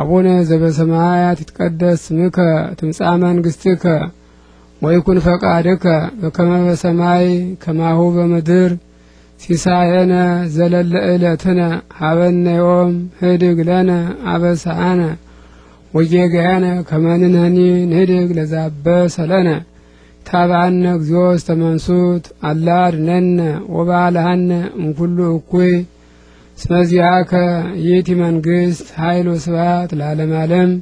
አቡነ ዘበሰማያት ይትቀደስ ስምከ ትምጻእ መንግስትከ ወይኩን ፈቃድከ በከመ በሰማይ ከማሁ በምድር ሲሳየነ ዘለለ ዕለትነ ሀበነ ዮም ህድግ ለነ አበሳአነ ወጌጋየነ ከመ ንህድግ ለዛበሰ ለነ ታብአነ እግዚኦ እስተመንሱት አላ አድኅነነ እምኩሉ እኩይ እስመ ዚአከ ይእቲ መንግሥት ኃይል ወስብሐት ለዓለመ ዓለም